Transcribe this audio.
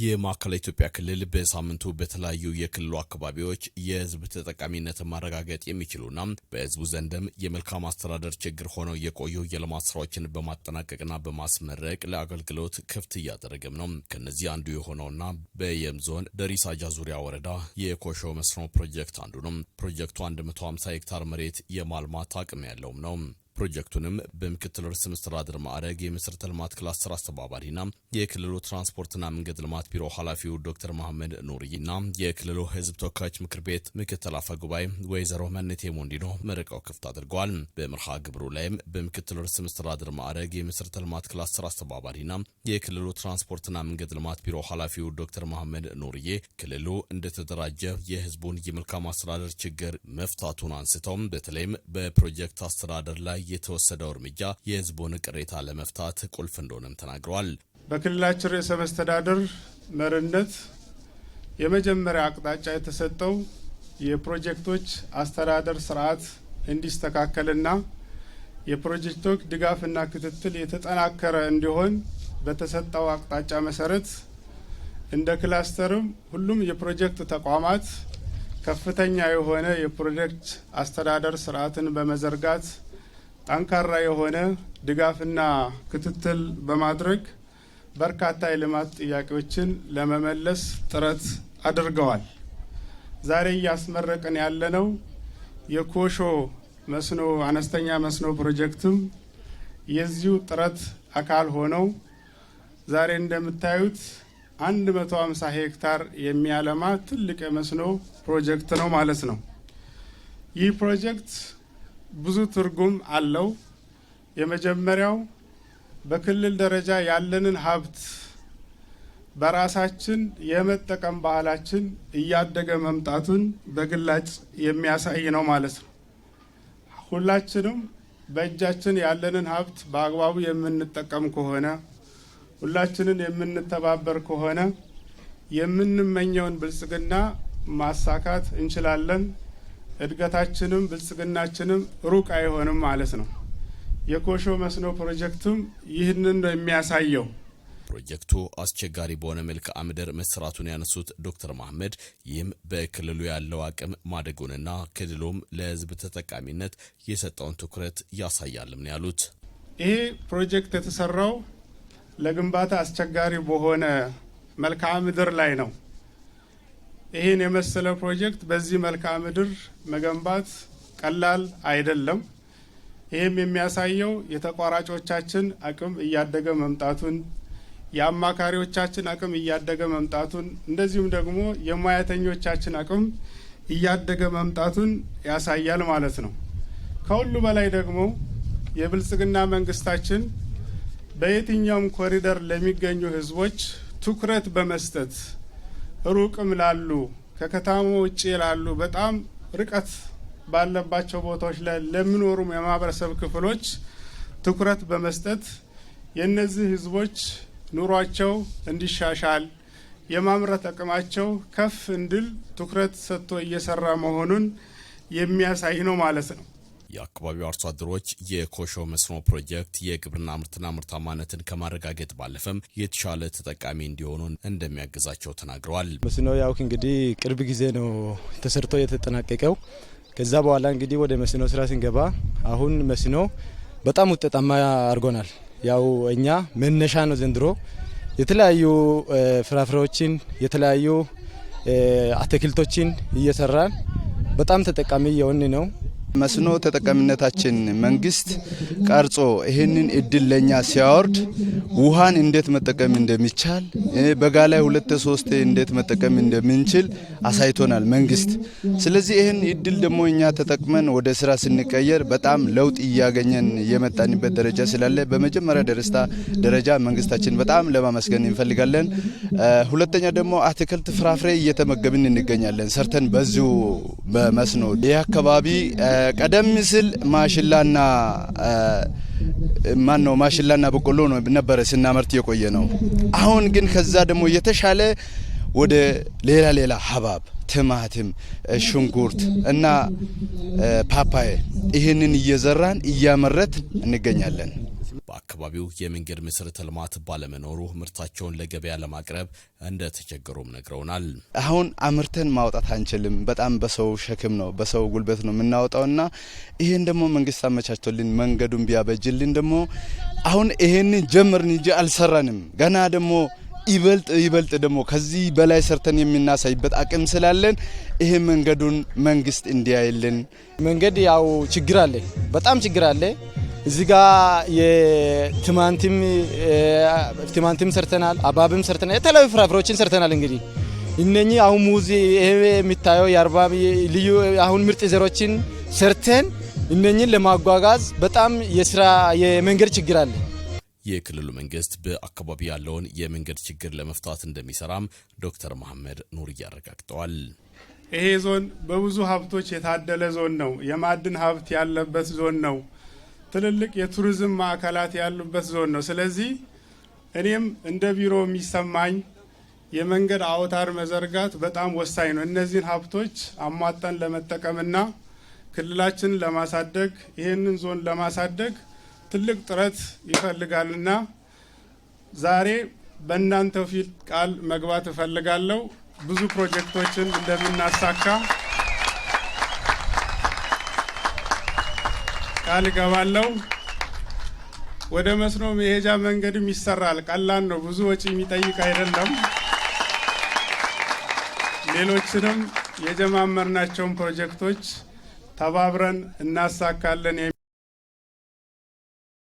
የማዕከላዊ ኢትዮጵያ ክልል በሳምንቱ በተለያዩ የክልሉ አካባቢዎች የህዝብ ተጠቃሚነትን ማረጋገጥ የሚችሉና በህዝቡ ዘንድም የመልካም አስተዳደር ችግር ሆነው የቆዩ የልማት ስራዎችን በማጠናቀቅና በማስመረቅ ለአገልግሎት ክፍት እያደረገም ነው። ከነዚህ አንዱ የሆነውና በየም ዞን ደሪሳጃ ዙሪያ ወረዳ የኮሾ መስኖ ፕሮጀክት አንዱ ነው። ፕሮጀክቱ 150 ሄክታር መሬት የማልማት አቅም ያለውም ነው። ፕሮጀክቱንም በምክትል ርዕሰ መስተዳድር ማዕረግ የመሰረተ ልማት ክላስተር አስተባባሪና የክልሉ ትራንስፖርትና መንገድ ልማት ቢሮ ኃላፊው ዶክተር መሐመድ ኑርይና የክልሉ ህዝብ ተወካዮች ምክር ቤት ምክትል አፈ ጉባኤ ወይዘሮ መነቴ ሞንዲኖ መረቃው ክፍት አድርገዋል። በመርሃ ግብሩ ላይም በምክትል ርዕሰ መስተዳድር ማዕረግ የመሰረተ ልማት ክላስተር አስተባባሪና የክልሉ ትራንስፖርትና መንገድ ልማት ቢሮ ኃላፊው ዶክተር መሐመድ ኑርዬ ክልሉ እንደተደራጀ የህዝቡን የመልካም አስተዳደር ችግር መፍታቱን አንስተውም በተለይም በፕሮጀክት አስተዳደር ላይ የተወሰደው እርምጃ የህዝቡን ቅሬታ ለመፍታት ቁልፍ እንደሆነም ተናግረዋል። በክልላችን ርዕሰ መስተዳድር መርነት የመጀመሪያ አቅጣጫ የተሰጠው የፕሮጀክቶች አስተዳደር ስርዓት እንዲስተካከልና የፕሮጀክቶች ድጋፍና ክትትል የተጠናከረ እንዲሆን በተሰጠው አቅጣጫ መሰረት እንደ ክላስተርም ሁሉም የፕሮጀክት ተቋማት ከፍተኛ የሆነ የፕሮጀክት አስተዳደር ስርዓትን በመዘርጋት ጠንካራ የሆነ ድጋፍና ክትትል በማድረግ በርካታ የልማት ጥያቄዎችን ለመመለስ ጥረት አድርገዋል። ዛሬ እያስመረቅን ያለነው የኮሾ መስኖ አነስተኛ መስኖ ፕሮጀክትም የዚሁ ጥረት አካል ሆነው ዛሬ እንደምታዩት 150 ሄክታር የሚያለማ ትልቅ የመስኖ ፕሮጀክት ነው ማለት ነው። ይህ ፕሮጀክት ብዙ ትርጉም አለው። የመጀመሪያው በክልል ደረጃ ያለንን ሀብት በራሳችን የመጠቀም ባህላችን እያደገ መምጣቱን በግላጭ የሚያሳይ ነው ማለት ነው። ሁላችንም በእጃችን ያለንን ሀብት በአግባቡ የምንጠቀም ከሆነ፣ ሁላችንን የምንተባበር ከሆነ የምንመኘውን ብልጽግና ማሳካት እንችላለን። እድገታችንም ብልጽግናችንም ሩቅ አይሆንም ማለት ነው። የኮሾ መስኖ ፕሮጀክትም ይህንን ነው የሚያሳየው። ፕሮጀክቱ አስቸጋሪ በሆነ መልክዓ ምድር መስራቱን ያነሱት ዶክተር መሀመድ ይህም በክልሉ ያለው አቅም ማደጉንና ክልሉም ለሕዝብ ተጠቃሚነት የሰጠውን ትኩረት ያሳያልም ነው ያሉት። ይሄ ፕሮጀክት የተሰራው ለግንባታ አስቸጋሪ በሆነ መልክዓ ምድር ላይ ነው። ይህን የመሰለ ፕሮጀክት በዚህ መልክዓ ምድር መገንባት ቀላል አይደለም። ይህም የሚያሳየው የተቋራጮቻችን አቅም እያደገ መምጣቱን፣ የአማካሪዎቻችን አቅም እያደገ መምጣቱን፣ እንደዚሁም ደግሞ የሙያተኞቻችን አቅም እያደገ መምጣቱን ያሳያል ማለት ነው። ከሁሉ በላይ ደግሞ የብልጽግና መንግስታችን በየትኛውም ኮሪደር ለሚገኙ ህዝቦች ትኩረት በመስጠት ሩቅም ላሉ ከከተማ ውጭ ላሉ በጣም ርቀት ባለባቸው ቦታዎች ላይ ለሚኖሩም የማህበረሰብ ክፍሎች ትኩረት በመስጠት የእነዚህ ህዝቦች ኑሯቸው እንዲሻሻል የማምረት አቅማቸው ከፍ እንድል ትኩረት ሰጥቶ እየሰራ መሆኑን የሚያሳይ ነው ማለት ነው። የአካባቢው አርሶ አደሮች የኮሾ መስኖ ፕሮጀክት የግብርና ምርትና ምርታማነትን ከማረጋገጥ ባለፈም የተሻለ ተጠቃሚ እንዲሆኑ እንደሚያግዛቸው ተናግረዋል። መስኖ ያው እንግዲህ ቅርብ ጊዜ ነው ተሰርቶ የተጠናቀቀው። ከዛ በኋላ እንግዲህ ወደ መስኖ ስራ ስንገባ አሁን መስኖ በጣም ውጤታማ አድርጎናል። ያው እኛ መነሻ ነው ዘንድሮ የተለያዩ ፍራፍሬዎችን የተለያዩ አትክልቶችን እየሰራን በጣም ተጠቃሚ እየሆን ነው። መስኖ ተጠቃሚነታችን መንግስት ቀርጾ ይህንን እድል ለኛ ሲያወርድ ውሃን እንዴት መጠቀም እንደሚቻል በጋ ላይ ሁለት ሶስት እንዴት መጠቀም እንደምንችል አሳይቶናል መንግስት። ስለዚህ ይህን እድል ደግሞ እኛ ተጠቅመን ወደ ስራ ስንቀየር በጣም ለውጥ እያገኘን የመጣንበት ደረጃ ስላለ በመጀመሪያ ደረስታ ደረጃ መንግስታችን በጣም ለማመስገን እንፈልጋለን። ሁለተኛ ደግሞ አትክልት፣ ፍራፍሬ እየተመገብን እንገኛለን ሰርተን በዚሁ በመስኖ ይህ አካባቢ ቀደም ሲል ማሽላና ማን ነው ማሽላና በቆሎ ነበረ ስናመርት የቆየ ነው። አሁን ግን ከዛ ደግሞ የተሻለ ወደ ሌላ ሌላ ሀባብ፣ ቲማቲም፣ ሽንኩርት እና ፓፓዬ ይህንን እየዘራን እያመረት እንገኛለን። በአካባቢው የመንገድ መሰረተ ልማት ባለመኖሩ ምርታቸውን ለገበያ ለማቅረብ እንደተቸገሩም ነግረውናል። አሁን አምርተን ማውጣት አንችልም። በጣም በሰው ሸክም ነው፣ በሰው ጉልበት ነው እና ይህን ደግሞ መንግስት አመቻችቶልን መንገዱን ቢያበጅልን ደግሞ አሁን ይሄንን ጀምርን እንጂ አልሰራንም ገና ደግሞ ይበልጥ ይበልጥ ደግሞ ከዚህ በላይ ሰርተን የምናሳይበት አቅም ስላለን ይሄ መንገዱን መንግስት እንዲያይልን። መንገድ ያው ችግር አለ፣ በጣም ችግር አለ። እዚህ የቲማንቲም ቲማንቲም ሰርተናል፣ አባብም ሰርተናል፣ የተለያዩ ፍራፍሬዎችን ሰርተናል። እንግዲህ እነኚህ አሁን ሙዝ የሚታየው የአርባ ልዩ አሁን ምርጥ ዘሮችን ሰርተን እነኚህን ለማጓጓዝ በጣም የስራ የመንገድ ችግር አለ። የክልሉ መንግስት በአካባቢ ያለውን የመንገድ ችግር ለመፍታት እንደሚሰራም ዶክተር መሐመድ ኑር እያረጋግጠዋል። ይሄ ዞን በብዙ ሀብቶች የታደለ ዞን ነው። የማዕድን ሀብት ያለበት ዞን ነው። ትልልቅ የቱሪዝም ማዕከላት ያሉበት ዞን ነው። ስለዚህ እኔም እንደ ቢሮ የሚሰማኝ የመንገድ አውታር መዘርጋት በጣም ወሳኝ ነው። እነዚህን ሀብቶች አሟጠን ለመጠቀምና ክልላችንን ለማሳደግ ይህንን ዞን ለማሳደግ ትልቅ ጥረት ይፈልጋልና ዛሬ በእናንተው ፊት ቃል መግባት እፈልጋለሁ ብዙ ፕሮጀክቶችን እንደምናሳካ ቃል እገባለሁ። ወደ መስኖ መሄጃ መንገድም ይሰራል። ቀላል ነው፣ ብዙ ወጪ የሚጠይቅ አይደለም። ሌሎችንም የጀማመርናቸውን ፕሮጀክቶች ተባብረን እናሳካለን።